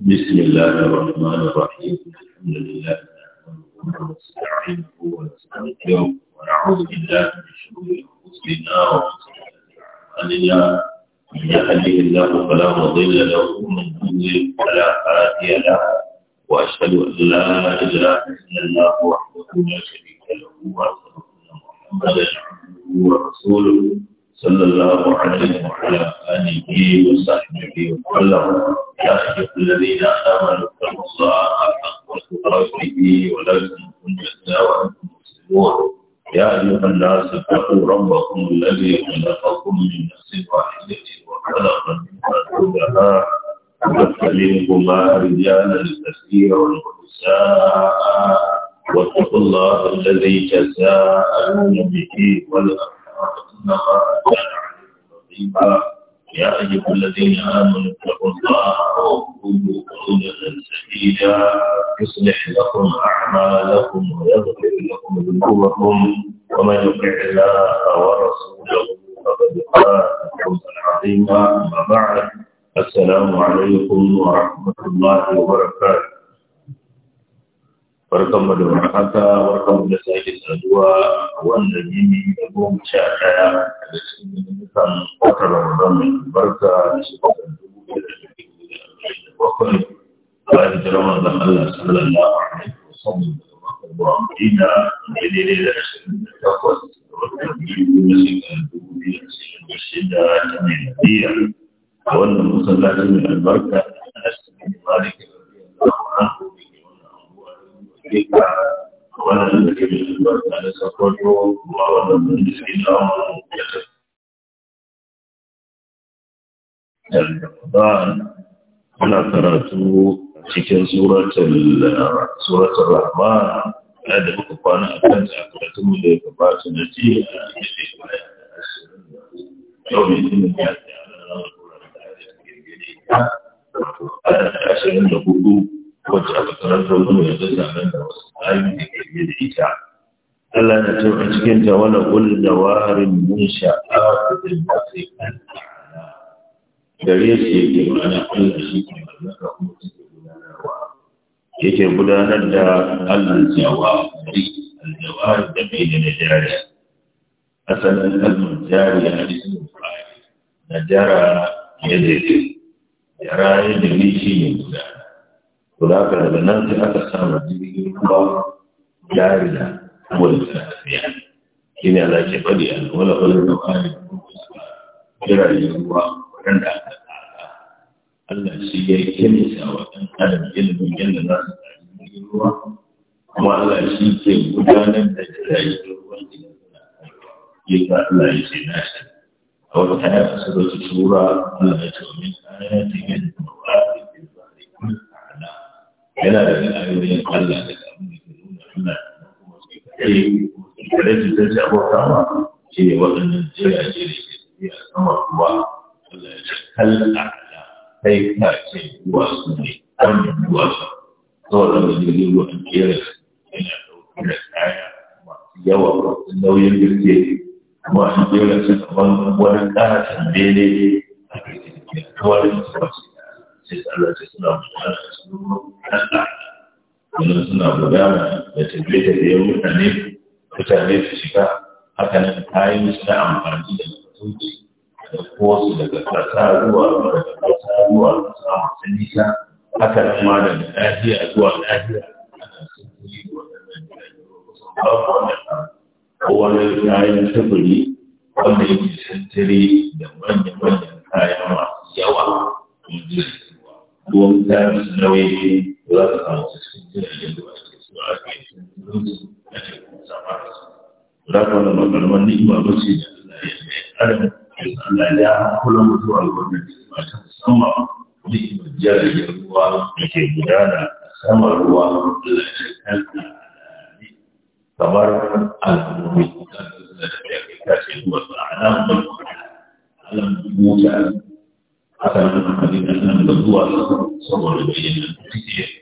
بسم الله الرحمن الرحيم الحمد لله نحمده ونستعينه ونستغفره ونعوذ بالله من شرور انفسنا وسيئات اعمالنا من يهده الله فلا مضل له ومن يضلل فلا هادي له واشهد ان لا اله الا الله وحده لا شريك له واشهد ان محمدا عبده ورسوله صلى الله عليه وعلى آله وصحبه وسلم يا أيها الذين آمنوا اتقوا الله حق تقاته ولا تموتن إلا وأنتم مسلمون يا أيها الناس اتقوا ربكم الذي خلقكم من نفس واحدة وخلق منها زوجها وبث منهما رجالا كثيرا ونساء واتقوا الله الذي تساءلون به والأرض يا أيها الذين آمنوا اتقوا الله وقولوا قولا سديدا يصلح لكم أعمالكم ويغفر لكم ذنوبكم ومن يطع الله ورسوله فقد فاز فوزا عظيما أما بعد السلام عليكم ورحمة الله وبركاته barkan mu da warhaka barkan mu da sake saduwa a wannan yini da goma sha ɗaya daga cikin dukkan kwatar ramadan mai albarka da shekarar dubu da dubu da arba'in da bakwai bayan jira manzon Allah sallallahu alaihi wa sallam daga makar zuwa Madina da daidai da ashirin da takwas da watan biyu na shekarar dubu biyu da ashirin da shida ta mai nadiya a wannan masallacin mai albarka a da da duka wannan da ke kuma da ana karatu cikin suratul suratul Rahman da muka kwana a kan a karatun mu da ya gabata na ji a yadda ya baya yau mai yana da ya ashirin da hudu wacce aka karanta wani ya zai zanen da wasu ayyukan da ke da ita Allah na ce a cikin ta wani ƙulli da warin mun sha'a da zai masu gare su yake mana Allah shi ke mallaka kuma su ke gudanarwa yake gudanar da Allah jawa gari aljawar da bai da Najeriya. asalin kalmar jariya na ismin fa'ari najara ya daidai jara ya daidai shi ne gudanar to da haka daga nan sai aka samu jirgin ruwa jarida saboda tana tafiya shi ne Allah ke faɗi a wala wala da wani jiragen ruwa waɗanda aka tsara Allah shi ya yi kimsa wa ɗan adam ilimin yadda za su tsari jirgin ruwa kuma Allah shi ke gudanar da jirgin ruwa idan suna tsarwa Allah ya ce na shi a wata ayar a sura Allah ya ce wa min ayatin yana da cin ayoyin Allah da abin da ke nuna Allah da kuma sai kare shi ta ce abota ma waɗannan jirage da ke tafiya sama ruwa Allah ya ce kalla kai ka ce ruwa su ne wannan ruwa su saboda da jirgin ruwa an kera yana ɗauke da kaya masu yawa masu nauyin gaske kuma an kera su kamar wani ƙarashin daidai a kai da ke kawai da su ba su sai Allah ce suna mutane Wannan suna gudana da tafiye-tafiyen mutane mutane su shiga hakanan kayan su na amfani da mutunci da kowasu daga ƙasa zuwa daga ƙasa zuwa ƙasa masu nisa hakanan ma daga lafiya zuwa lafiya ana sufuri waɗannan jami'o kusan babu wannan ko wani kayan sufuri wanda yake sintiri da manya-manyan kayan masu yawa wanda ruwan kayan nauyi za ka samu cikin jiragen da ake so a ake cikin ake sama da su. Za ka wani makarwar ni'ima ba ce da Allah ya ce adam Allah ya kula mutuwa ga wannan ni'ima ta musamman ni'imar jiragen ruwa da ke gudana sama ruwa Allah ya ce kanta kamar al'ummi da ya kai kashe zuwa alamun alamun mutane. Haka nan, hannun da zuwa saboda bayyana da suke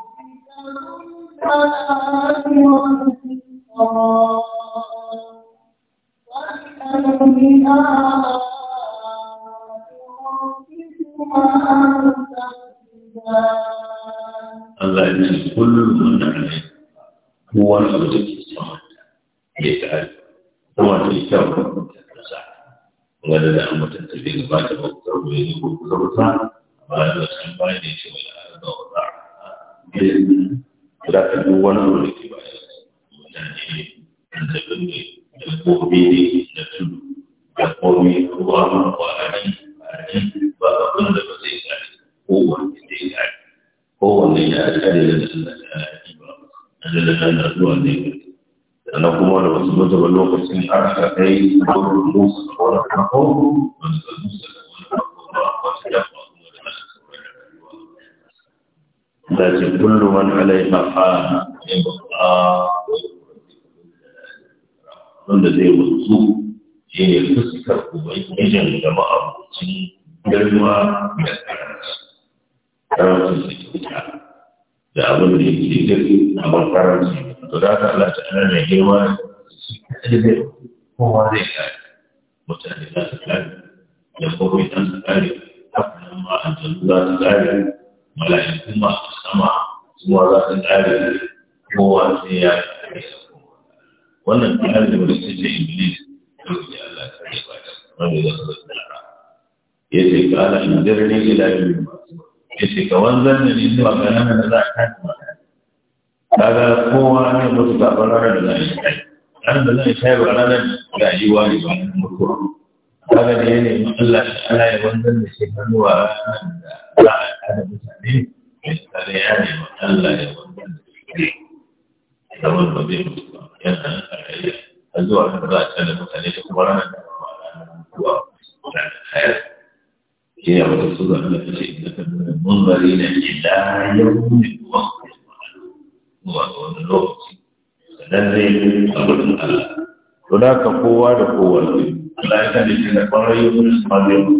Allah ya ce kullum wanda ne kowa da wata ke samun ya ta hali kuma ta yi kyau da kasa wadda da an mutum ta bai gaba da bautar da ya ko kusa kusa ba da wata bayan da ya ce wani a ga wata da ka duk wani abu ke ba shi mutane da zaɓin ne da gobe ne da tudu da kome ruwa mun kwarari kwarari ba abin da ba zai kare ko wanda zai kare ko wanda ya kare da Allah ya yi ba da da na zuwa ne sannan kuma da wasu mata ba lokacin har ka kai ko musu ko na musu ko na التي كل من عليها فان يبقى wanda zai wanzu shi ne fuskar ubangijin da ma'abucin girma da karanci karanci da kyauta da abin da yake girki a karanci to da ta Allah ta ana mai girma shi kowa mala'ikun kuma sama kuma za su ƙare kowa sai ya ƙare wannan ƙare da wani ce iblis Ya ke Allah ta yi ba ta wani da zama da ya ce ka ala in jirni ila yi ya ce ka wanzan da ni zuwa ganin da za a kan ma kaga kowa ne mutu ta fara da za a yi kai ranar da za a yi kai ba ranar da a yi wani ba mutuwa kaga da ya nemi Allah ta ala ya wanzan da shi hannuwa ranar da za a mutane mai ya ne ma Allah ya da shi ne zaman ba ba yana nan a rayuwa har zuwa nan a tsada da kuma ranar da a ranar kuwa zai yi Allah. kowa da ya kan da shi da kwanar yau ne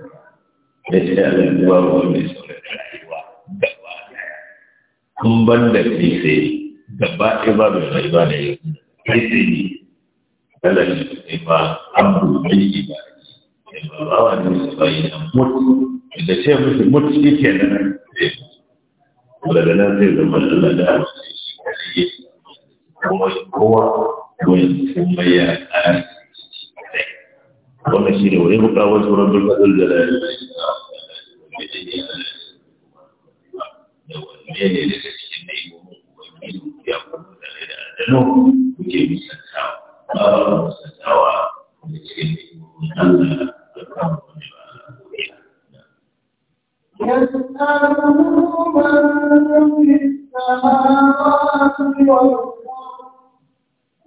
da shi da abubuwa wanda suka rayuwa gaba daya kun ban da kai sai gaba ɗaya ba mai rayuwa da yau kai sai ne kala shi kai ba abu mai ibadi kai ba ba wa nan su bayi na mutu da ce musu mutu shi ke nan daga nan sai zama Allah da Allah shi kai kuma kowa kuma kuma ya ƙara wannan shi ne wani buƙawar tsoron bulbatul da lalata cikin ne daga cikin naimomin ubangiji ya kuma da adano kuke misantawa ba ba misantawa da cikin da, Allah da kama da, da, a da. يسأله من في السماوات ya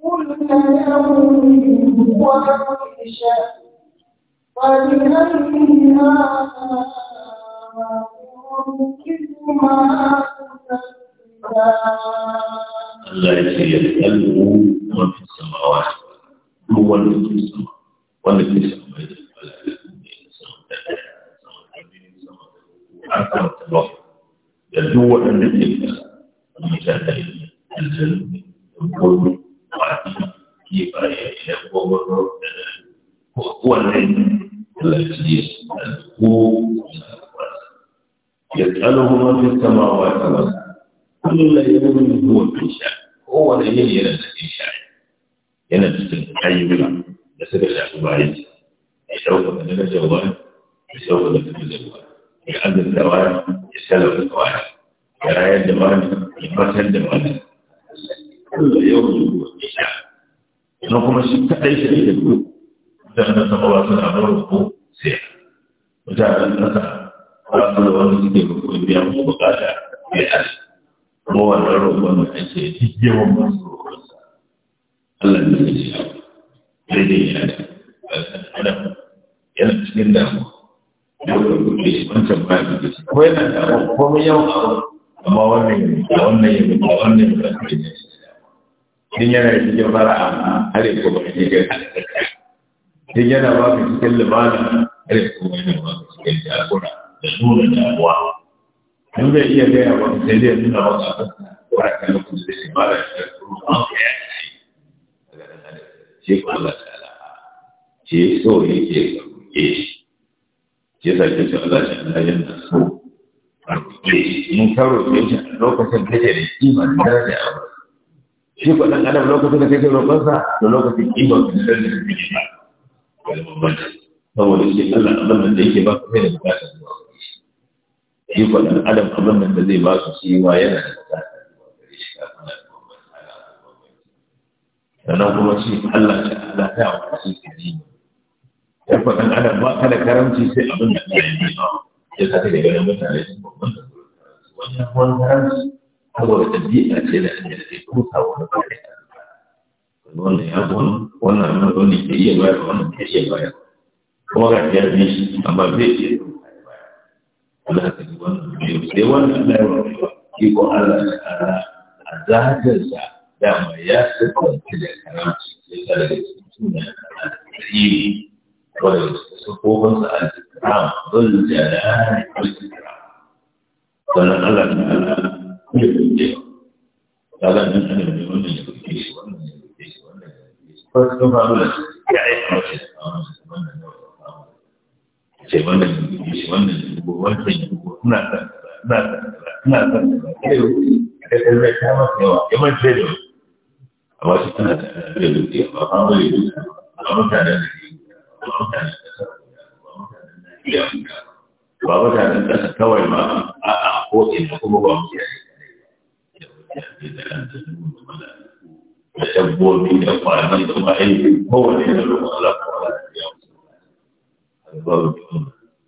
كل يوم هو في شأن فبأي Allah ya ce ya kalbu mafi samawa duk wanda ke sama wanda ke sama ya zama lafiya يسأله من في السماوات والأرض كل يوم هو في شأن هو الذي يرد في شأن ينزل تسلم حي بلا تسلم يا أبو عيسى لك من الجوال يشوف لك من الجوال يعد الدوام يسلم الدوام يرأي الدوام يفتح الدوام كل يوم هو في شأن لكم الشتاء ليس إلا الوقت فإن الله سبحانه وتعالى سيئة وجعل الله ba da wani suke roƙon biya mu bukata ya tashi kuma wannan roƙon da ake yawan masu roƙon sa Allah ne ya ce abu daidai ya da ya yana cikin ya yau da kuɗe wancan ba ya kuɗe ko yana damuwa komai yawan abu amma wannan ya wannan ya mutu wannan ya mutu ne din yana cikin fara'a har yanzu ba ne ga din yana ba cikin limana har yanzu ba ne cikin jagora da nuna damuwa in bai iya gaya ba sai dai nuna wasu abin da kan lokacin da shi ba da shi kuma shi ko Allah ta ala shi so yake ga roƙe shi shi yasa ke ce Allah shi Allah yana so a roƙe mun lokacin kima da daraja shi ko dan adam lokacin da kake roƙonsa da lokacin kima da daraja ba saboda shi Allah da yake ba da bukatar zuwa ikon ɗan adam abin da zai ba su su yi wa yana da bukatar na da kuma shi Allah ta Allah ta wa shi ya fa adam ba da ya yi ba ya ganin mutane sun wani wani karamci ya wani ya iya bayar kuma ga shi amma bai iya wanda wannan biyu sai wannan Allah ya a zagarsa dama ya sabbanta da ya da sufofinsa al-kiram ta ala da wannan wannan wannan ya wannan ce wannan shi wannan shigo wancan shigo ina san ina san ina san kai kai kai ta masa da amma da da da da da kawai ba a a ko ina kuma ba mutane da dabbobi da kwanan da ma'aikata kowane da ruwa ala kowane da yawa.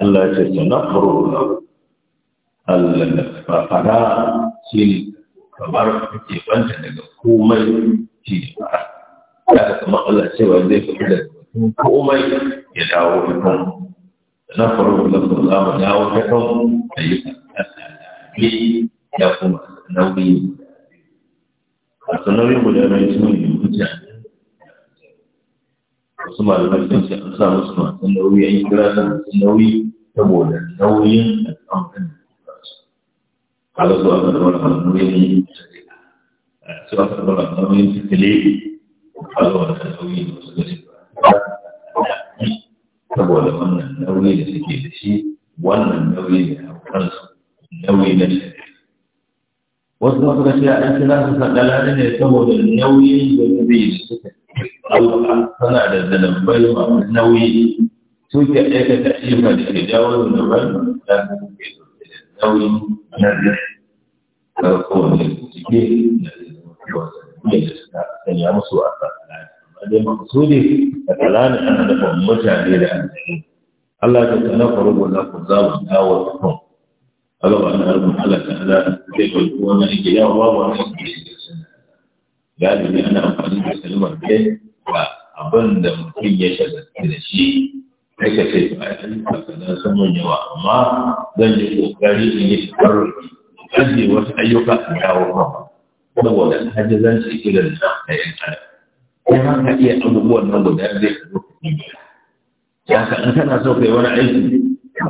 Allah ya ce na furo Allah ya ba fara shi ne kamar ke banta daga komai shi ne fara. Ya Allah ya ce cewa zai fi da komai ya dawo da kan. Na furo da su za mu dawo da kan da yi ne ya kuma nauyi. A sanarwar gudanar su ne mutane wasu malamai sun an sa musu masu nauyi an kira su masu nauyi saboda nauyin al'amuran da suka su kaga su aka zama al'amuran su aka zama al'amuran su tile kaga wannan nauyi da wasu gari saboda wannan nauyi da suke da shi wannan nauyi da haukan su nauyi na shari'a wasu masu gaskiya an kira su sadala ne saboda nauyin da zai suka ɗauka tana da zalambai masu nauyi suke aikata ayyuka da ke jawo zalambai da suke ɗauke da nauyi na zai karko ne cike da zai zama kyau da da suka sanya musu a tsakalani amma dai maksudi tsakalani ana dafa mutane da aljanu Allah ta tana faruwa na ku zamu dawo da kun Allah ba na harbin Allah ta ala zai ɗauki wani ake yawa ba wani ake yi da suna galibi ana amfani da kalmar kai ba abin da mutum ya shagaltu da shi sai ka ce ba a yi kakanan saman yawa amma zan yi kokari in yi tsarraki ajiye wasu ayyuka a dawo mama saboda kiran irin na yi adam sai ma ka iya abubuwan nan guda zai ka zo ka ya ka in kana so ka yi wani aiki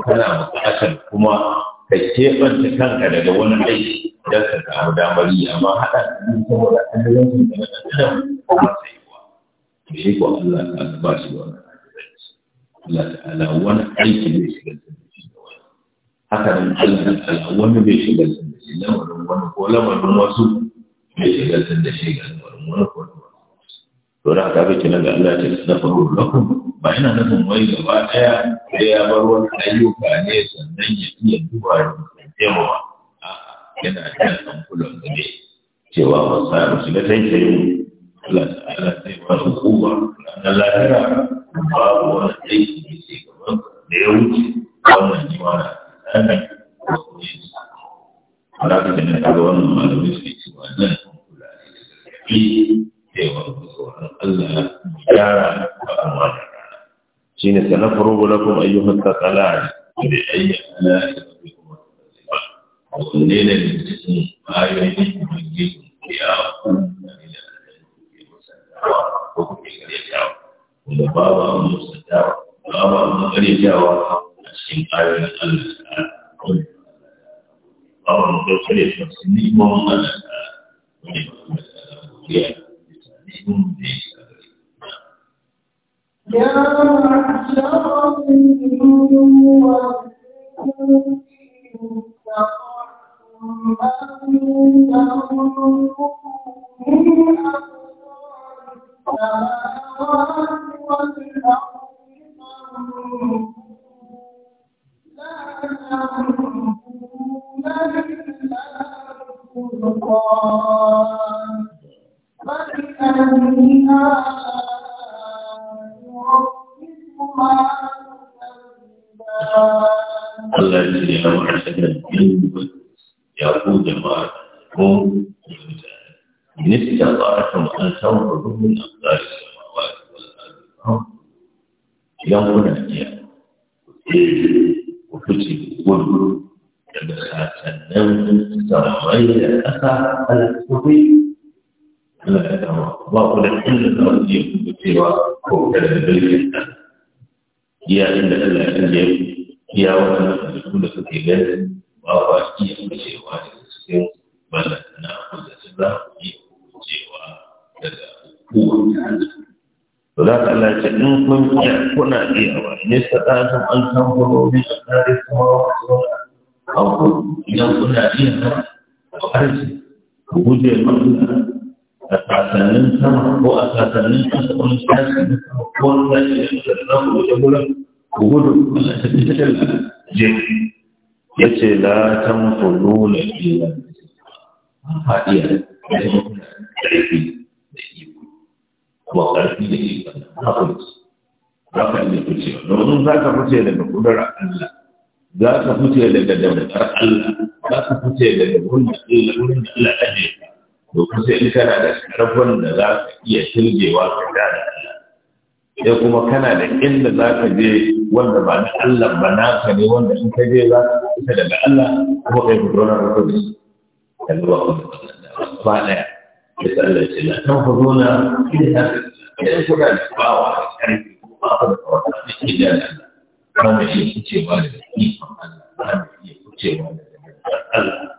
kana buƙatar kuma ka keɓanta kanka daga wani aiki don ka samu damar yi amma haɗa da saboda hajjazanci da na ɗan adam ba sai shi ko Allah ta ba shi wa Allah ta'ala wani aiki ne da shi haka nan Allah wani bai da shi lamarin wani ko lamarin wasu bai da shi lamarin wani ko lamarin wasu to da nan Allah ta faru ba ina nufin wai gaba daya sai ya bar wani ayyuka ne sannan ya iya duba da yana da kan kullum ne cewa wasa Allah sai wata kowa na lafiya ba wa da yi da ke kamar da ya wuce wannan jima na hannun ko kuma yin sa a rafi na kaga wannan malamai su ke wa nan kula da ya fi taiwa ga tsoron allah gyara a kuma da rana shi ne sana furo gula kuma ayyukan tsakala da ayyukan na ya fi kuma da ne da ne da hannun da wani ya kuma cewa ko da dalilin nan iya inda Allah ya canje iya wannan da suke gani ba ba iya cewa da suke bala na wanda su za ku yi cewa daga za ka Allah in kun iya kuna iya wa ne sadatun an san kuma wani kuma wani idan kuna iya ba ku ku guje mana a sasannin sama ko a sasannin kasa wani sashi ko wani sashi da za ku gudu je ya ce la ta mutu nuna faɗiya da ya ƙarfi da iko kuma ƙarfi da iko za ka iya fice domin za ka fice daga kudura Allah za ka fice daga dabatar Allah za ka fice daga wurin da Allah ɗaje domin sai in kana da ƙarfin da za ka iya shirgewa ka da Allah sai kuma kana da inda za ka je wanda ba na Allah ba naka ne wanda in ka je za ka fita daga Allah kuma kai fito na rufe da shi kalli ba ku ba ɗaya ya sa Allah ce na ɗan ku zona idan kuna da bawa da ƙarfi kuma aka da kawai da ke da Allah ba mai iya kucewa da ikon Allah ba mai iya kucewa da Allah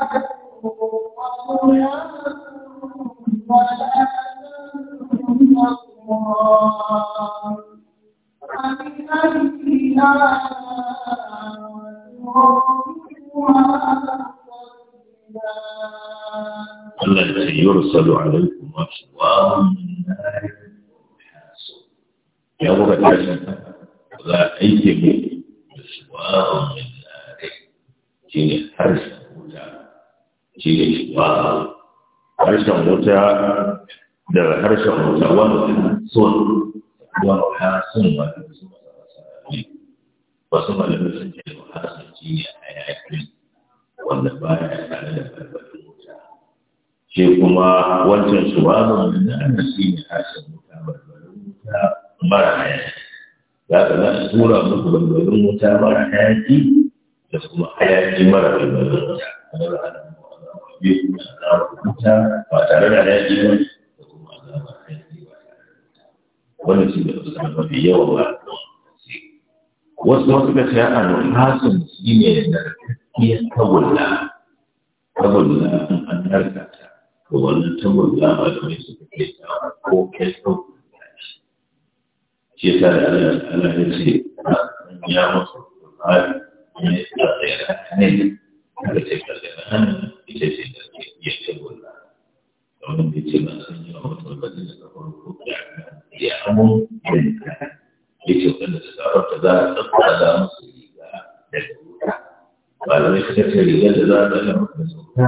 sai a nuna malamai suka da za ta zama da sauka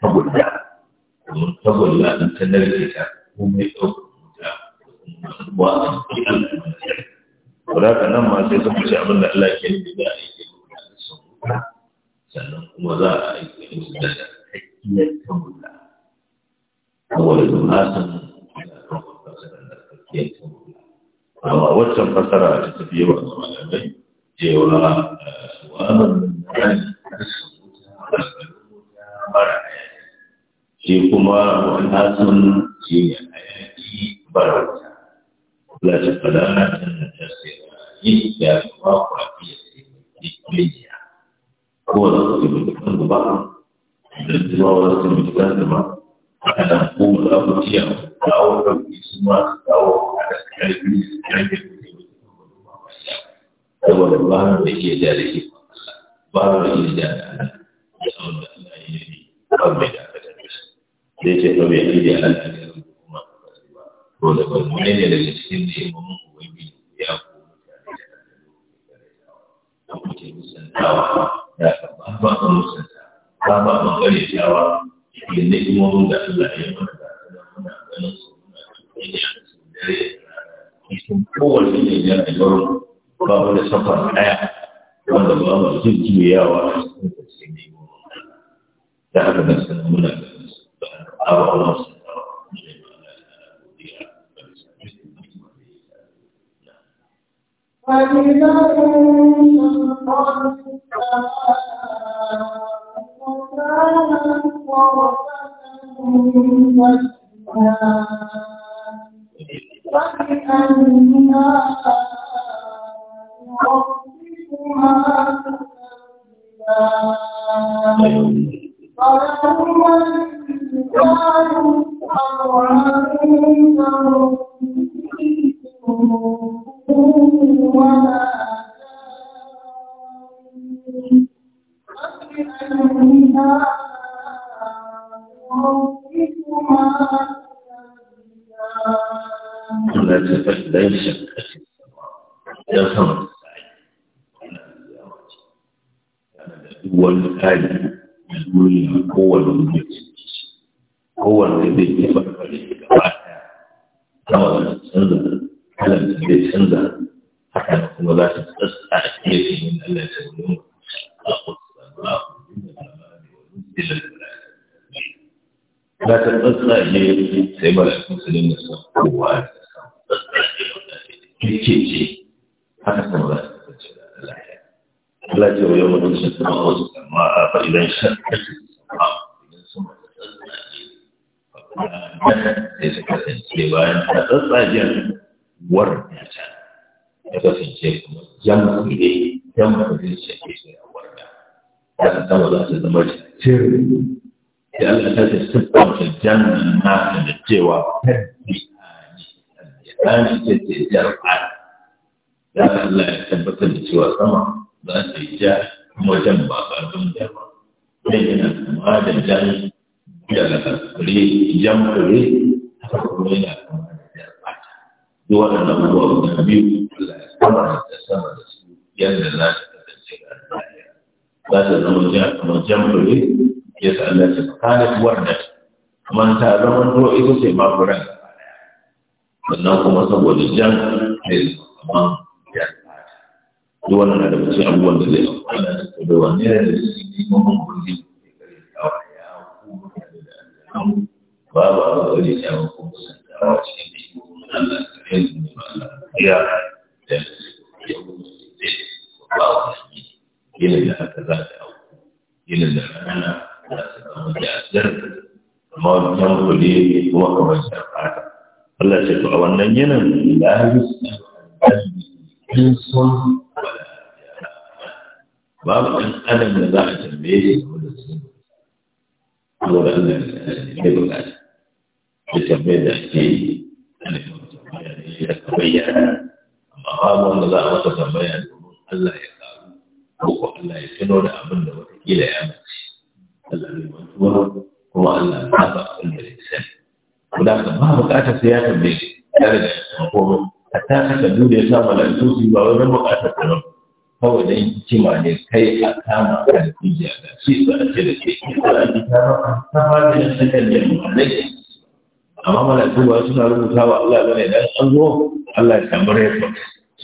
tagulla tagulla ta narke komai ɗaukar wuta ba a ka nan ma sai suka ce da one kai yana kama da jan da kare, jan kare haka kuma yana kama da jan fata duk waɗannan abubuwa guda biyu Allah ya kama da sama da su yadda za ta kasance ga lafiya za ta zama kamar jan kare. ya sa Allah ya ta kana wannan man ta zama to ita ce mafuran sannan kuma saboda jan kai kamar duk wannan da daga cikin abubuwan da zai faru ana da kodowa ne da yi neman ubangiji da kare kawo ya kuma da aljanna babu abu da ya shawo ko santawa cikin neman Allah kare da ne ba Allah ya da ya kuma da ba wani yin da haka za ta auku yin da rana za ta kama da aljanna amma wannan kuɗi kuma kamar shafa Allah ce to a wannan yanin la yusu an sun باب ان ادم لا تنبيه ولا تنبيه اولا ان يجب ان يتنبيه ذاتي ان يتنبيه اما باب ان لا تنبيه الا يقال هو الا يكنوا لابن وتجي لا يعمل الذي مجبور هو الا هذا كل الانسان هناك ما بقى تسياسه به هذا هو حتى تجد يسامى لانفسه وغيره ما بقى تسياسه kawai dan hikima ne kai a kama ka da kujiya da shi ba a ce da ke ta fara da sakan da mulai amma malaiku ba suna rubuta wa Allah ba ne dan an zo Allah ya samu refa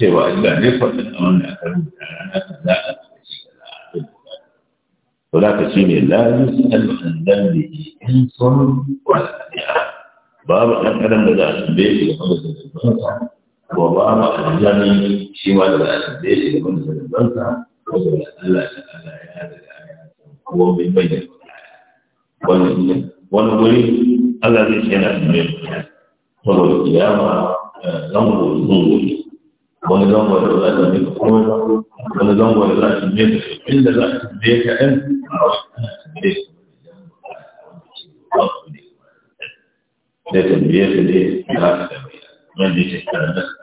cewa ga refa da a da aka rubuta rana ta za a to da ka shi ne la yusal an dambi in sun wala babu dan adam da za a tambaye shi game da zunubansa wa ba ma aljami shi ma da alade shi da wanda da bansa wato Allah ta Allah ya da ko bai bayyana wannan wani wuri Allah zai ce yana da mai saboda kiyama eh, zango zango ne wani zango da za ta mika komai ba wani zango da za ta inda za ta mika a wasu ana tambaye su da tambaye su ne za ta tambaye wanda ya shekara na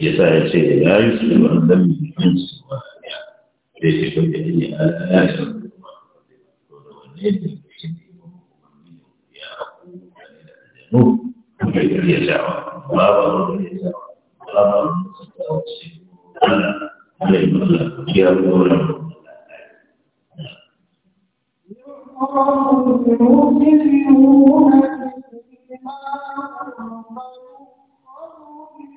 ya sa ya ce ya yi su da wani zami da yin su ba da ya ce da yi ne a ya yi su da wani da ya ce ne ya haku da ne da janu da ya jawa ba ba da ya jawa ba ba da ya jawa ana yi mala ya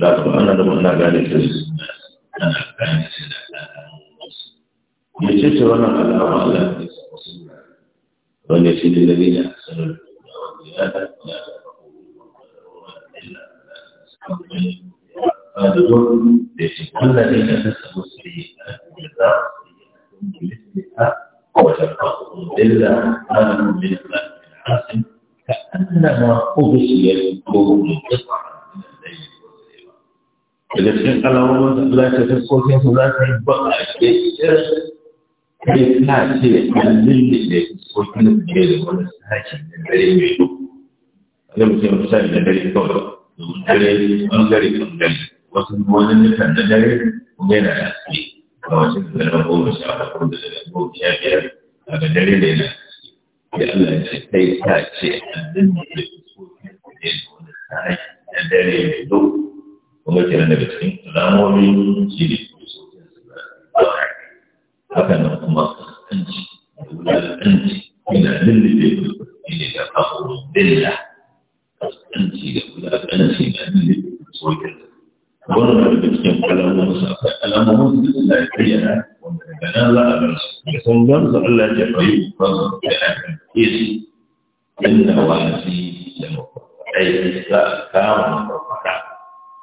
da ka ba ana da muna gane ta su ana gane su da ɗan ya ce ce wannan alama Allah ne wanda shi ne da nina sanar da wanda ya da ya da ba da zuwa da shi Allah ne da nasa musu yi a cikin da za وتفقه إلا أن من الحسن كأنما أغشي القوم قطعا من الليل daga cikin alamomin da za ta fuskokin su za su yi ba a ke irin ta ce an lulli da fuskokin su ne da wani sashi da dare mai duk wani mutum misali da dare kawai domin dare bangare bangare wasu wani nufin da dare kuma yana da haske a wajen da na goma sha bakwai da na goma sha biyar a da dare da yana da Allah ya kai ta ce an lulli da ne da wani sashi da dare mai duk kuma kenan daga cikin alamomin shi ne ko sautin suna haka nan kuma kaskanci da wulakanci yana lullube fuskar shi ne da kawo dilla kaskanci da wulakanci na lullube fuskokin wannan daga cikin alamomin su akwai alamomin su da ya bayyana wanda daga nan za a gansu da sun gansu Allah ya fayi ba su da akan inda da mafi aiki za a kama mafi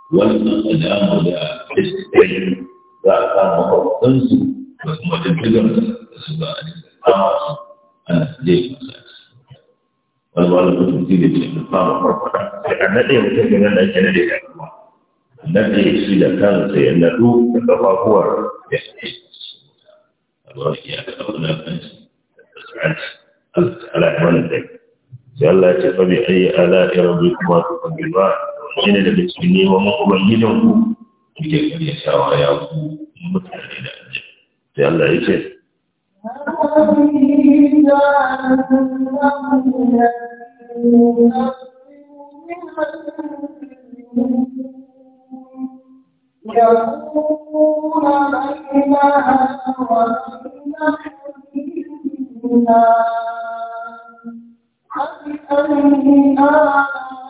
wannan alamu da iskai za a samu babbansu da kuma jirgin da su ba a nisa kama su ana jefa sashi wani wani mutum zai da ce da fama farfada sai a naɗe mutum da nan da ake naɗe da kuma naɗe shi da kansa ya naɗu da ƙafafuwar ya ce a ba ya ga wani kansu da tsarci Allah ya wani dai sai Allah ya ce fa bi ayi ala'i rabbikuma tukadzibun yana daga cikin neman ubangijin ku kuke karyatawa ya ku mutane da aljan sai Allah ya ce يقول بيننا وبين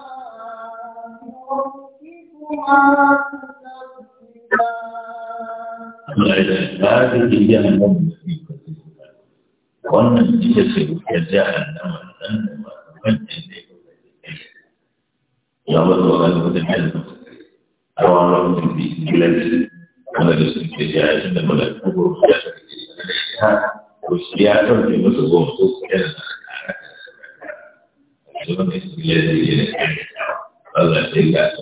هذه جهنم wannan ita ce wutar jahannama nan da masu mantan da ya a da ko ko Allah sai ga ta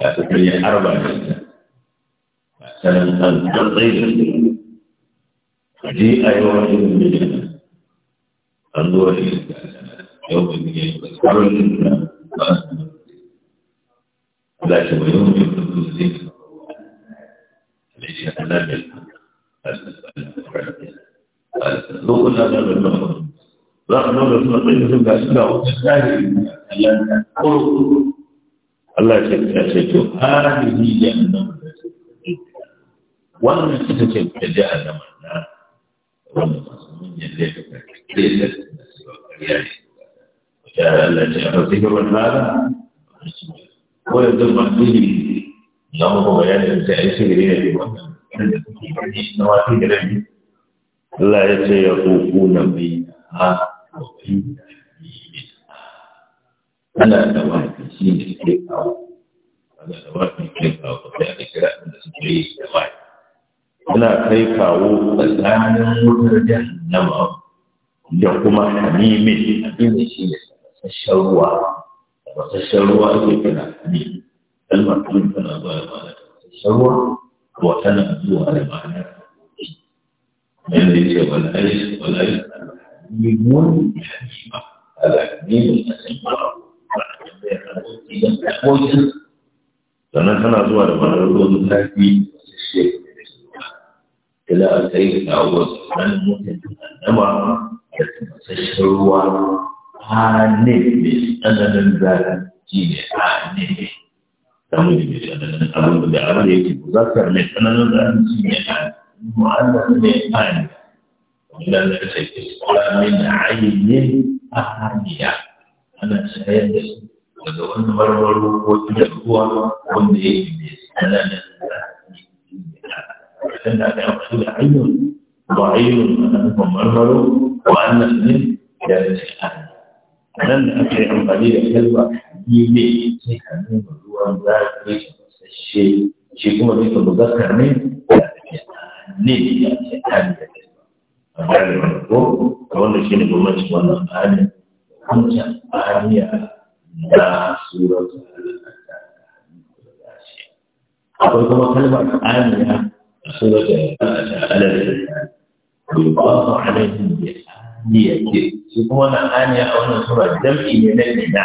ta ta karya arba ne ta sanan an je a yi wa irin mijin an ba Allah shi mai yau da mijin zai ka da shi a nan da lokacin da ba za a nuna kallon kurku Allah ya ce to hadihi jahannam wannan ita ce ta jahannam na wannan masu yalle da ta kare da su kariya ne ya Allah ya ce a cikin wannan ko yanzu ba su yi na muku bayanin da ai shigiri ne da wannan da suke bari na wasu Allah ya ce ya kuku na bai na ha ana da wafi shi ne ke kawo ana da wafi ke kawo ba sai a kira da suke yi da wafi suna kai kawo tsakanin wutar jahannama da kuma hamimin hamimin shi ne sassan ruwa da sassan ruwa ake kira hamimin kalmar tun tana zuwa da ma'ana sassan ruwa ko tana zuwa da ma'ana yadda ya ce wala yi wala yi hamimun hamimin ala hamimin a abokin sannan tana zuwa da mararrun tafi ila a tsaye da kawo sannan mutum annaba da tafasashen ruwa a ne mai tsananin zafi shi ne a ne da mai tsananin abin da abin da yake tsananin ne a ne a ne wanda na ta ke a ana shayar da su daga wani marmaru ko cikin wanda ya yi mai tsananin da ya da ayyun ba ayyun a marmaro ko annan ne da ya a nan da aka yi amfani da kalma yi ne sashe shi kuma bugatar ne da ake ne da ake tani da a wani ko wanda shi ne gwamnati wannan tsarin wancan da suratul akwai kuma kalmar amina a suratul al-anbiya yuqatu alaihim bi aniyati shi kuma na aniya a wannan sura jam'i ne na ina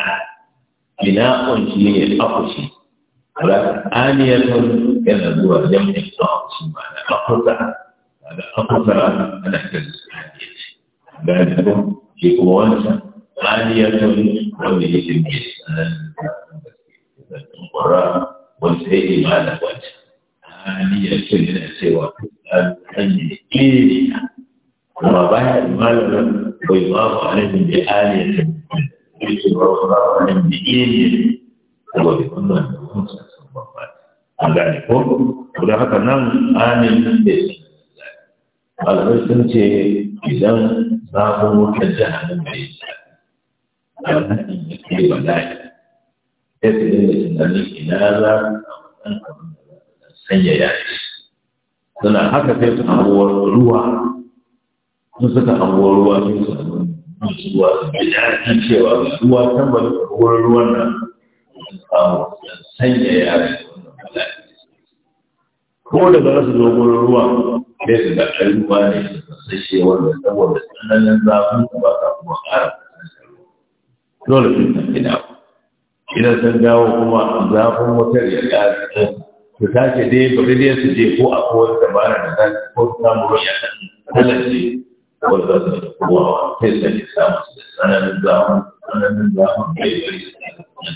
ina on shi ne akushi ala aniyatun yana zuwa jam'i na akushi ma na akusa da akusa ana kiran su aniyati ga shi kuma wannan radiyatul wanda ya shirke sanan ƙura wanda ya imana wacce radiyatul yana cewa hanyar ƙiri kuma ba baya imanar bai ba ku alamin da aliyatul bai ce ba ku ba ku alamin da ƙiri kuma bai wannan da wani sassan babba an gane ko kuma haka nan alamin da ya malamai sun ce idan babu wutar jihannin da ya alhaki ya kai bala'i sai su ina za su samu ɗan da za su sanya yashi suna haka sai su hango ruwa sun suka hango ruwa sun su hango ruwa da yaƙi cewa ruwa tabbata ruwan ruwan nan sun samu sanya yashi ko da za su zo ruwa sai su ga ɗan ruwa ne su sashe wanda saboda tsananin zafin ba sa kuma ƙara dole sun san ku idan sun dawo kuma zafin wutar ya ƙasa su tashi dai bari dai su je ko a kowar dabara da za su ko samu ruwa ɗan halarci ko za su kuma sai su ne samu su da tsananin zafin tsananin zafin bai bari su ne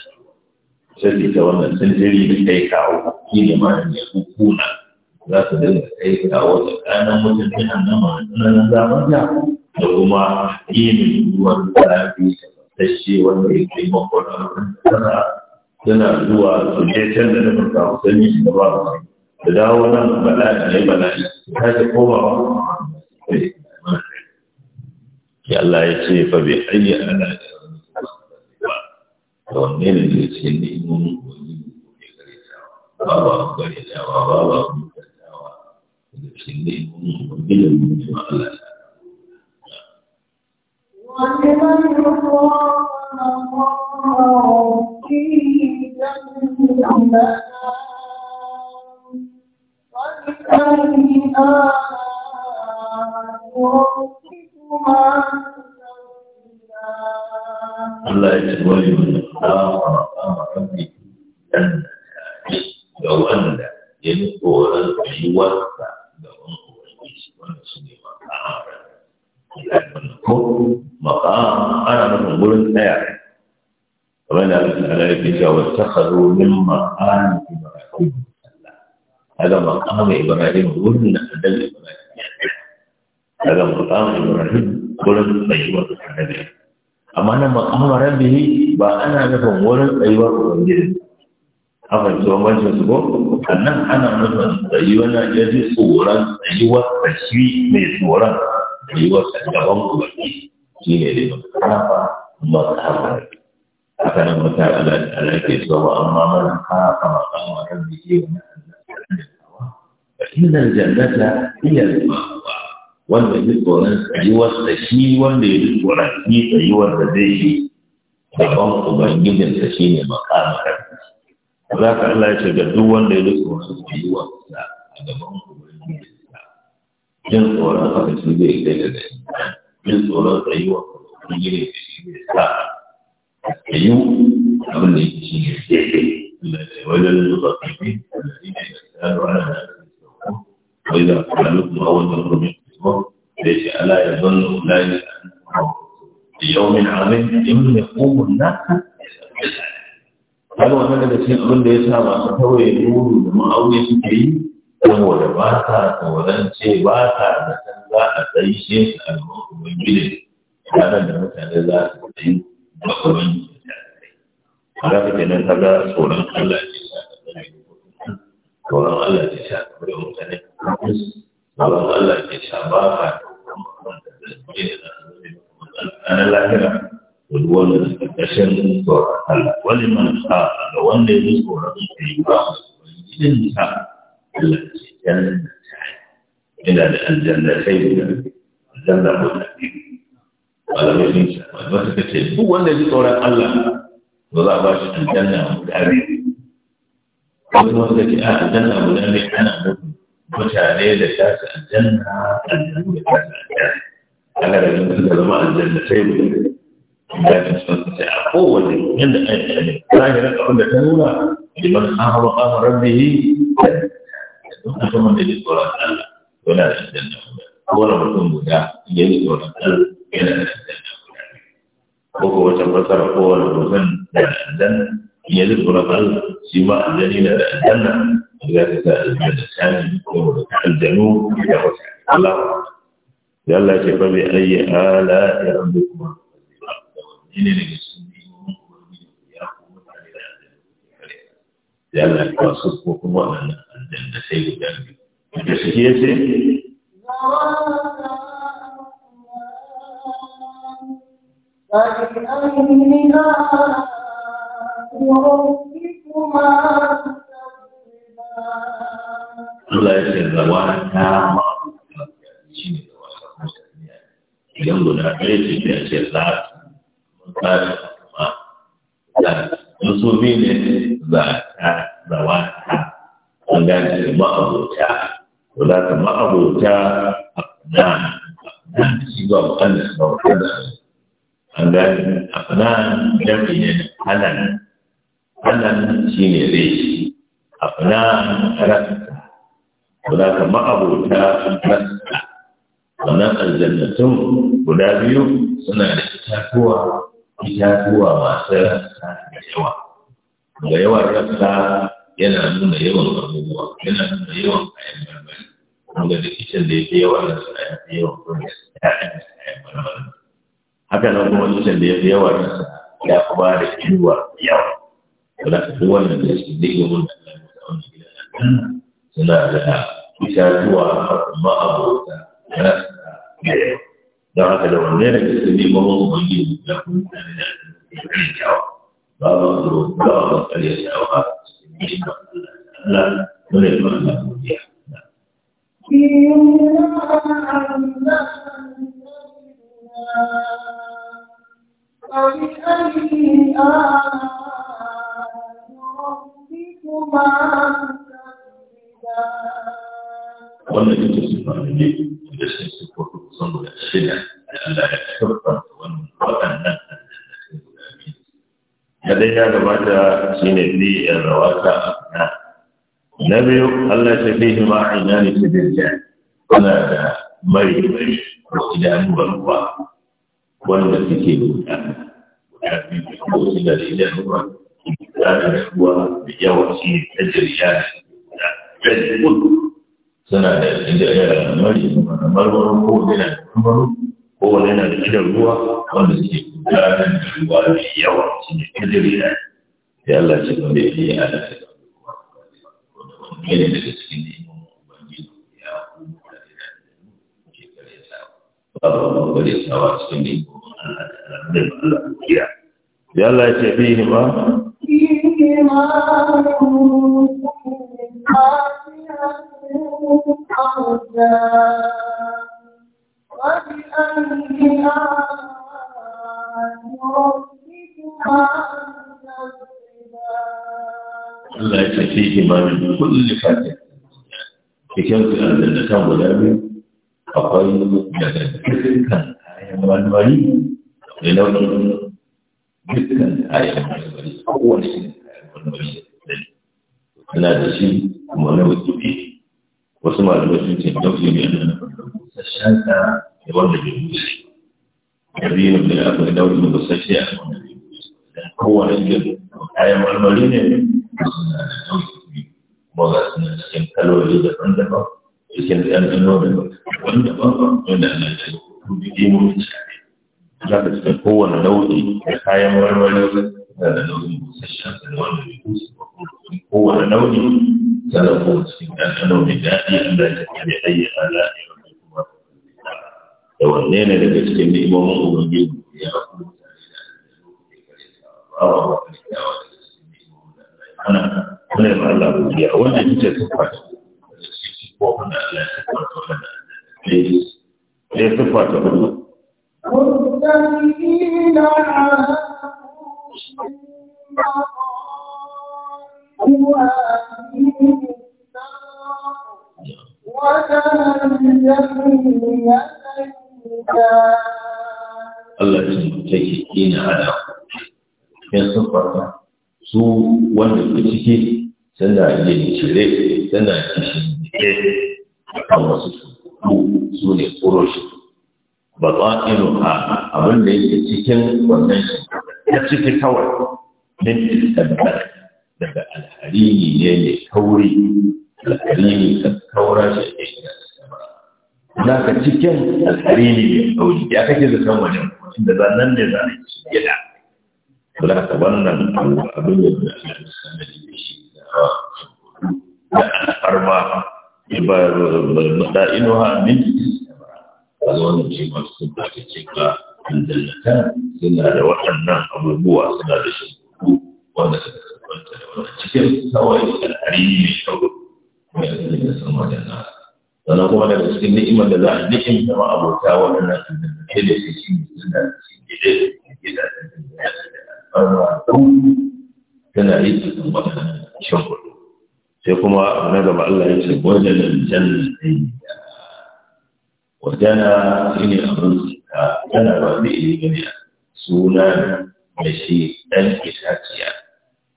sai ta wannan sun jiri da kai kawo shi ne ma ne kuna za su dinga kai kawo da tsakanin mutum yana nan ma tsananin zafin ya da kuma yin ruwan zafi da shi wanda yake makon tana tana zuwa su je can da nufin samu sanyi shi ba da dawo nan bala'i ne bala'i ta ce koma ba ya Allah ya ce fa bai ayi ana da wanne ne da ce ne imun wani ne gare ta ba ba gare ta ba ba ba da ce ne imun wani da mutum Allah ولمن خاف مقام ربه جنتان فبأي آلاء ربكما Allah ya ce wani wani ƙawar ƙawar rafi dan ga wanda ya yi tsoron tsayuwarsa ga ya wani wanda su ne ko maqam ana nufin gurin tsaya kamar da Allah ta'ala yake cewa wattakhadhu min maqam ibrahim هذا مقام إبراهيم قلنا أن الإبراهيم هذا مقام إبراهيم قلنا أيوة النبي أما أنا مقام ربه وأنا نفهم ورد أيوة النبي أما سوى ما تسبب أنا أنا نفهم أيوة يجي صورا أيوة تشوي من صورا gwiwarsa gaban ubangi shi ne dai kafa mazhabar haka nan mutane ala ke cewa amma wanda ya tsoron tsayuwar da shi wanda ya tsoron shi tsayuwar da zai yi gaban ubangijinsa shi ne makamar za ka Allah ga duk wanda ya tsoron tsayuwar da a gaban jin tsoron haka shi zai daga da shi jin tsoron tsayuwa kuma gini da shi ne sa a yi abin da yake shi ne wajen zuwa kai da shi ne da ya ana da sauko wai za ku kuma wajen rubin tsoro da ya ce ala ya zan lula ya da yau min amin yau ne komun naka kaga wannan da cikin abin da ya sa masu kawai nuru da ma'auni suke yi saboda ba sa tsoron ce ba sa zaton za a shi su a ubangiji yana da mutane za su tsayi da ubangiji da kai haka kake nan kaga tsoron Allah ce sa ka tsare tsoron Allah ce a ka bada mutane tsoron Allah ce sha ba ka tsoron wanda zai da za su zai ranar lahira wani wanda da ƙarƙashin tsoron Allah wani man sa ga wanda ya ji tsoron kai ba su ne sa إلا الجنة إلى الجنتين الجنة والنبي malamai sun ce malamai suka ce duk wanda ji tsoron Allah ba za a ba shi aljanna guda biyu wasu wanda ke a aljanna guda biyu ana nufin mutane da ta su aljanna aljanna da ta su aljanna ana da yin suka zama aljanna sai mu yi da ta sun ce a kowane yadda ayyuka ne zahirin abin da ta nuna liman amara amara bihi duk mutumin da ji tsoron Allah yana da aljanna guda kowane mutum guda ya ji tsoron Allah yana da aljanna guda ko ko wata fasara kowane mutum da aljanna ya ji tsoron Allah shi ma aljani na da aljanna za ka sa aljanna sani ko da aljanu da wata Allah ya Allah ce fa bi ayi ala ya rabbi ne ne ga ya kuma da ya ko kuma wannan aljanna sai guda biyu gaskiya ce Allah ya ce zawa ta da idan guda ɗaya ce ce za kuma ne za ta an gane ma'abota ko za ka ma'abota na shi ba ne shi ne rasta guda ka guda biyu suna da itatuwa itatuwa masu rasta da yawa da yawa rasta yana nuna yawan abubuwa yana nuna yawan kayan marmari wanda da kicin da ya fi yawa da suna ya fi yawan kuma ya'yan kayan marmari haka nan kuma kicin da ya fi yawa na sa ya fi da kiwa yawa da duk wannan da zai yi wanda ya sa wannan gidan nan suna da itatuwa ma'abota na yawa, don haka da wanne da kicin ne ba da لديهما عينان تجريان ولا مري مري وإلى نور da idan ruwa za ta ruwa da yawa shi ta jirya da facebook suna da idan mari da marmaro ko yana da marmaro ko wani yana da idan ruwa wanda suke gudanar da ruwa da yawa shi ne ta jirya da Allah shi ne da ya a ɗaya daga cikin neman ubangiji ya ke gare sa babu wani gare ya bihi ma Thank you. فيهما من كل فاكهة cikin ta guda biyu akwai daga cikin kayan marmari da nau'in ha abin da yake cikin wannan ya ciki kawai min tabbata daga alharini ne mai kauri alharini ka kaura shi ne za ka cikin alharini mai kauri ya kake da kan wajen inda za nan ne za a yi shi gida za ka wannan abin da za a yi sanadi da shi da alfarma ba da inuha min kaga wannan shi ma sun dace cewa aljannata suna da waɗannan abubuwa suna da shi wanda suka sabanta da wannan cikin kawai al'ari mai kawai kuma yanzu da sama da na sannan kuma daga cikin ni'imar da za a ni'imta ma abota waɗannan aljannatai da su shi ne suna da shi gidan gida da ya da alfarma tana yi sun waɗannan shan kudu sai kuma a na gaba Allah ya ce wajen aljannatai wadana shi ne abin suka tana ba zai yi gani a sunan da shi ɗan itaciya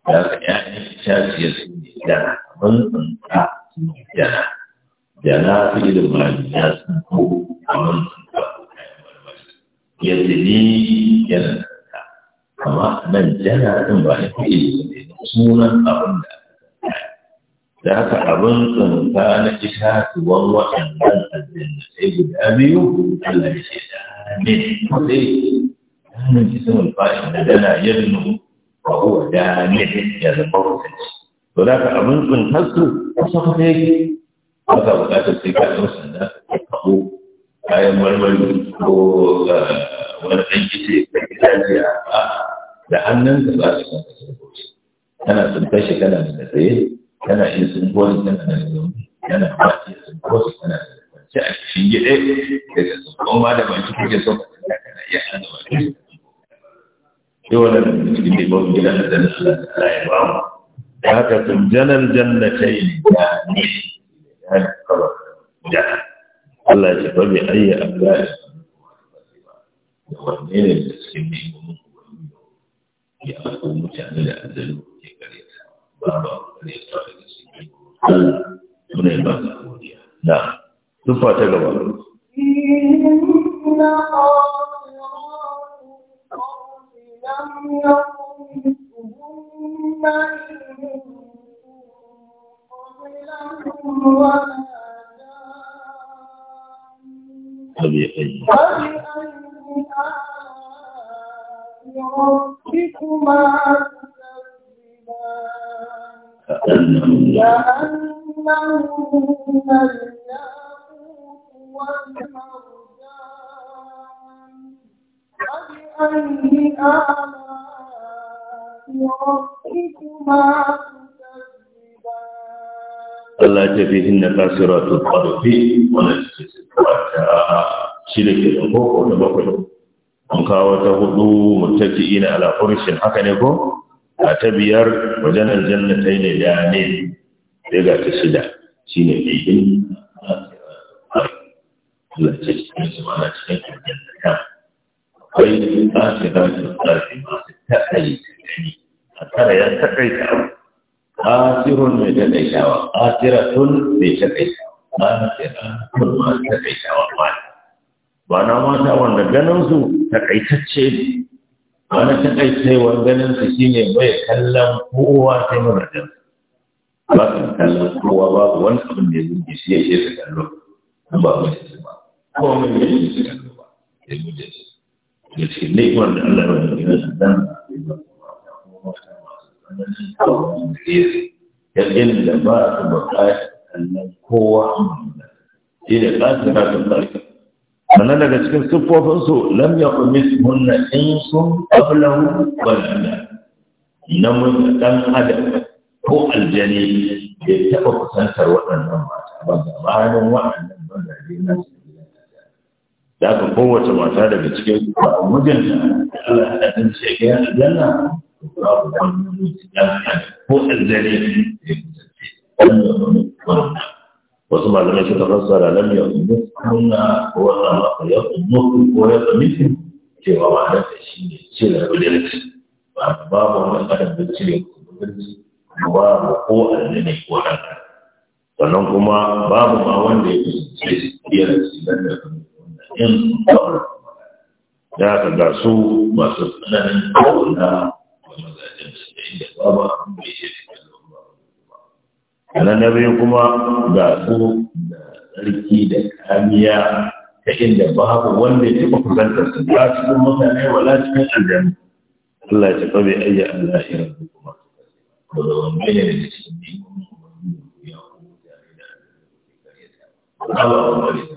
da aka ‘ya'yan itaciya su ne dana abin tsinka su ne dana dana su ilin mali ya tsinko abin tsinka ko kayan marmari ya zini yana tsinka amma nan dana ɗin ba ya fi ilin sunan abin da aka tsinka ذاك أبن كان إشهاد والله إن من الجنة إجد أبي ألا يشهد آمين فإيه آمين جسم القائم لدنا يبنو وهو جامد يذكر ذاك أبن كن حسن وصف فيك هذا ولكن السكاة ان أبو آية مرمي ورحي جسي لأنن أنا تنتشي كلام من الزيل yana iya gori yana da zaune yana ba iya gori yana da kwanci a cikin daga sun koma da baki kuke so ka kana iya hana banki shi wannan cikin da gida da dan Allah ya ba mu da haka tun janan jannatai da ne ya kaba da Allah ya ba ba ayi Allah da wanne ne da cikin neman ya ko mutane da azalu ke kare ta ba ba ne ta Allah suna yi ba su godiya na ta gaba كأنهم الياقوت والمرجان فبأي آلاء ربكما Allah ta fi hinna kasiratu ƙarfi wani wata shida ke da ko da bakwai. An kawo ta hudu mutaki ina ala haka ne ko? a ta biyar wajen aljanna ta ne da ne sai ga ta shida shi ne mai yi Allah ce cikin su mana cikin aljanna ta akwai tsarki da su tsarki masu taɗai gani a tara ya taɗai ta ƙasirun mai taɗai shawa ƙasiratun mai taɗai shawa ƙasiratun masu taɗai shawa ba na mata wanda ganin su taƙaitacce ne wani kan aikaiwar ganin su shi ne bai kallon kowa ta yi mabarkar ba su kallon kowa ba su wani abin da ya zuke shi ya shi kallo na ba mai su ba kuma mai yi shi su kallo ba ya yi mujiya su da shi ne kuma da allah ya yi mujiya su mai dan ya yin da ba su bukatar kallon kowa shi da ba su kallon kallon sannan daga cikin siffofinsu lam ya umis hunna in sun ƙablahu na namun ɗan adam ko aljani ya taɓa kusantar waɗannan mata ba bayanin waɗannan mazaje na da ka kowace mata daga cikin ba mijinta da Allah ya ɗan ce ya aljanna ba ku wani ɗan ko aljani ya kusance wannan wannan wasu malamai suka fassara lam ya kunna ko wata maka ya kunnu ko ya tsamiti cewa ma'anar da shi ne ce da budurci ba babu wani adam da cire budurci babu ko annane ko ɗan wannan kuma babu ma wanda ya kasance biyar shi nan da wannan in kawai ya ka ga su masu tsananin kawai na wani mazajen su da inda ba abin da ya ana na biyu kuma ga su da tsarki da kamiya ta inda babu wanda ya taɓa kusantar su ba cikin mutane wala cikin aljanu Allah ya ce ayya Allah ya rabu kuma ba da wani ya da cikin neman ya kuma kuma da kuma ya kuma da kuma ya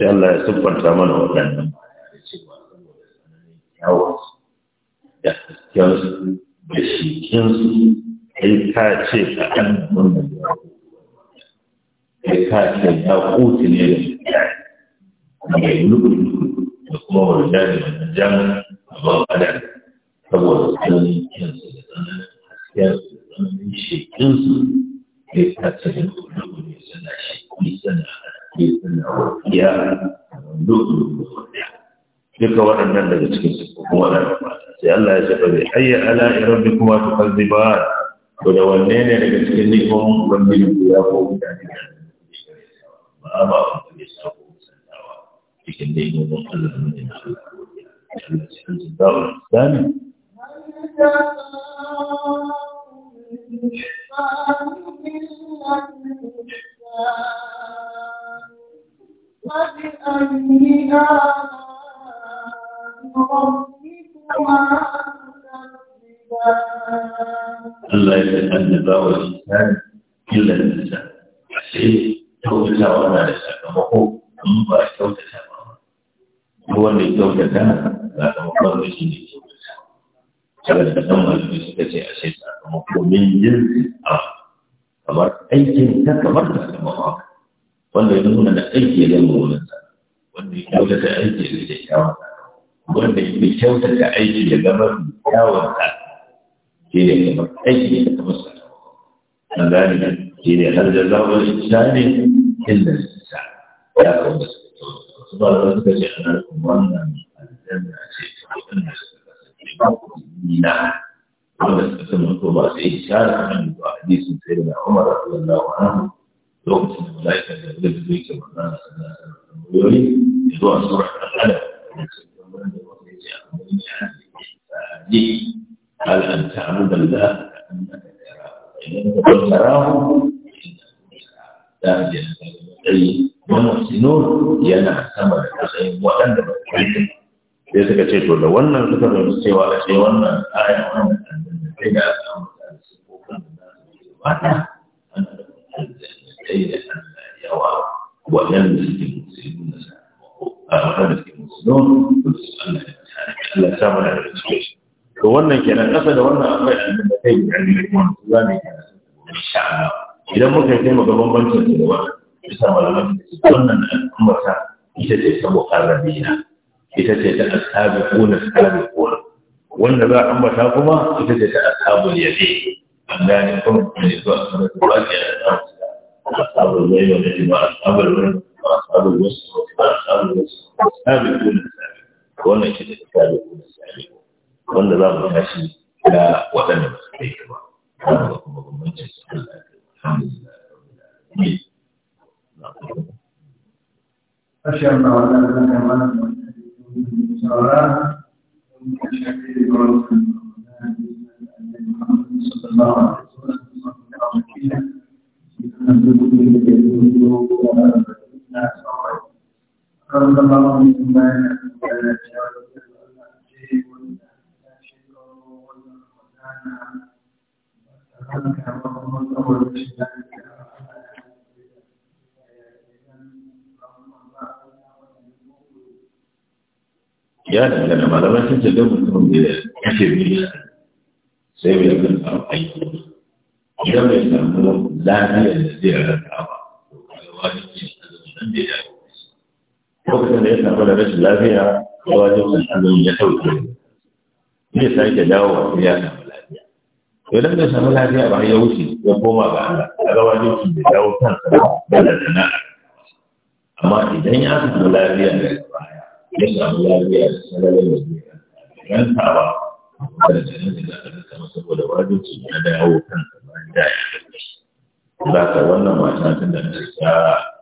kuma ya kuma mana waɗanda ce kaɗan wanda ya ka ce ya kuti ne da mai lukulu da kuma wani jami wani jami a ban adam saboda tsananin kyansu da tsananin haskensu da tsananin shekinsu ya ka da lukulu ya suna sheki suna haske suna wakiya lukulu da wakiya duka waɗannan daga cikin su kuma waɗannan sai Allah ya ce ba zai hayya ala irin kuma tukar ba. to da wanne ne daga cikin nikon ubangiji ku ya ko mutane da ba ba ku ne sabo sallawa cikin nikon Allah ne na Allah Allah cikin zawo dan وبأي آلاء ربكما تكذبان Allah ya ce annaba wa lisan illa lisan sai kyautata wannan da sakamako in ba kyautata ba Ko wanda ya kyautata za sakamakon da shi ne kyautata saboda da ɗan malami suka ce a sai sakamako min jinsi a kamar aikin ta kamar sakamakon wanda ya nuna da aiki ya zama wurin sa wanda ya kyautata aiki ya zai kyawun wanda ya kyautata aiki ya zama kyawun sa في كبر أي يتوسل فذلك في هذا جزاء الإنسان إلا الإنسان لا قوم فضل ربك لكم ظنا الجنة وقد تم الطوبة إشارة سيدنا عمر رضي الله عنه لوقت الملائكة يغلب ذيك والناس ويولي يدعو سورة العلم قال أن تعبد الله كأنك تراه فإن لم تراه فإنه يراك أي ومحسنون ينا سمر أخي وأنت بكريم sai suka ce to da wannan suka zama cewa da ce wannan aya wannan sai da aka amsa da sifofin da za su ce mata an da aljannatai da Allah yawa waɗanda suke musulmi na sakamako a waɗanda suke musulmi da su Allah ya sa mana da cikin to wannan kenan kasa da wannan akwai abin da kai da ne kuma za mu yi insha Allah idan muka kai mu ga bambancin da wannan bisa malaman wannan al'ummar ita ce ta muqarrabina ita ce ta ashabiquna ashabiquna wanda za a ambata kuma ita ce ta ashabul yabi an gane kuma ne zuwa sunan Qur'ani da أصحاب الليل والنجم وأصحاب الورد وأصحاب الوسط kuna الوسط وأصحاب الأولى السابقة وما كده السابقون السابقون wanda za mu tashi da waɗanda ba su kai ba wanda kuma bambancin su Allah ya alhamdulillah أشهد أن لا إله إلا الله صلى الله عليه وسلم الحمد لله ya dangana malamai sun ce don mutum da kashe miliyan sai mai yakan samu aiki idan bai samu lafiyar da zai rasa ba wani ke azumin da ya yi lokacin da ya samu da rashin lafiya wani sun azumin ya sauke ne sake dawo wasu ya samu idan bai samu lafiya ba ya wuce ya koma ga Allah a ga wajibci da dawo kansa da da sana'a amma idan ya samu lafiya da baya ya samu lafiya da sana'a da yan tawa da da nan da aka kama saboda wajibci ya dawo kansa ba da ya za ka wannan mata tun da ta ta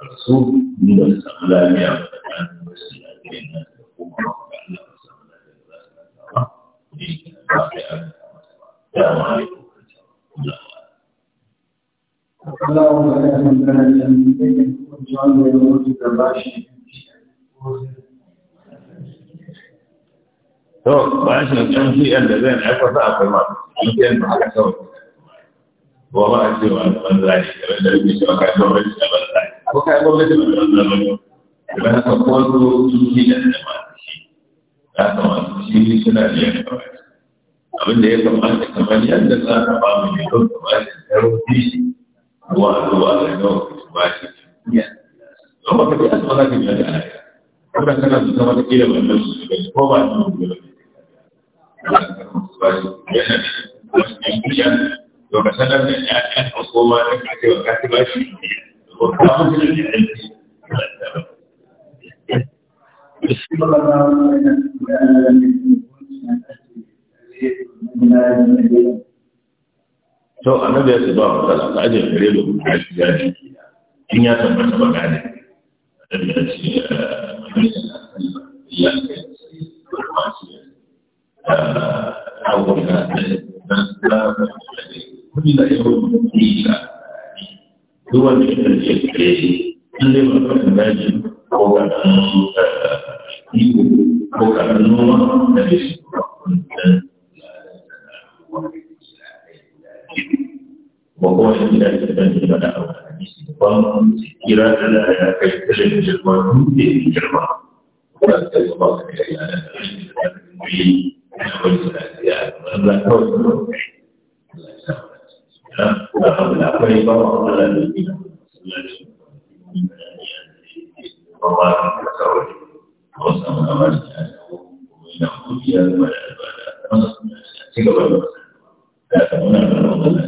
rasu in ba samu lafiya ba ta kan wasu lafiya na da kuma ga Allah ba samu lafiya ba ta ba السلام عليكم اللهم لا da zai aika sa akwai ma an ba ba ba a cewa da banza ne da wanda yake ba ba abin da ya kamata kamar yadda za ka ba mu ne don ka ba shi zarfi zuwa zuwa ga yau ka ba shi duniya don ba ka ji asma za ka da ana kuma kana su zama ta kila ban nan su ga ko ba su ne ba to ka sanar da ya ka koma da ka ce ka ci ko ka da to annabi ya ce ba matsala ka ajiye kare da kuma ya shiga ne in ya tabbata ba gane annabi ya ce ya duk wanda ya ko da wakuwa shi da ake ban jini da abuwa da nishi ba mu tsira da da ya kai kashin jirma kuma da ya ba ka kai ya da shi da ya yi ya yi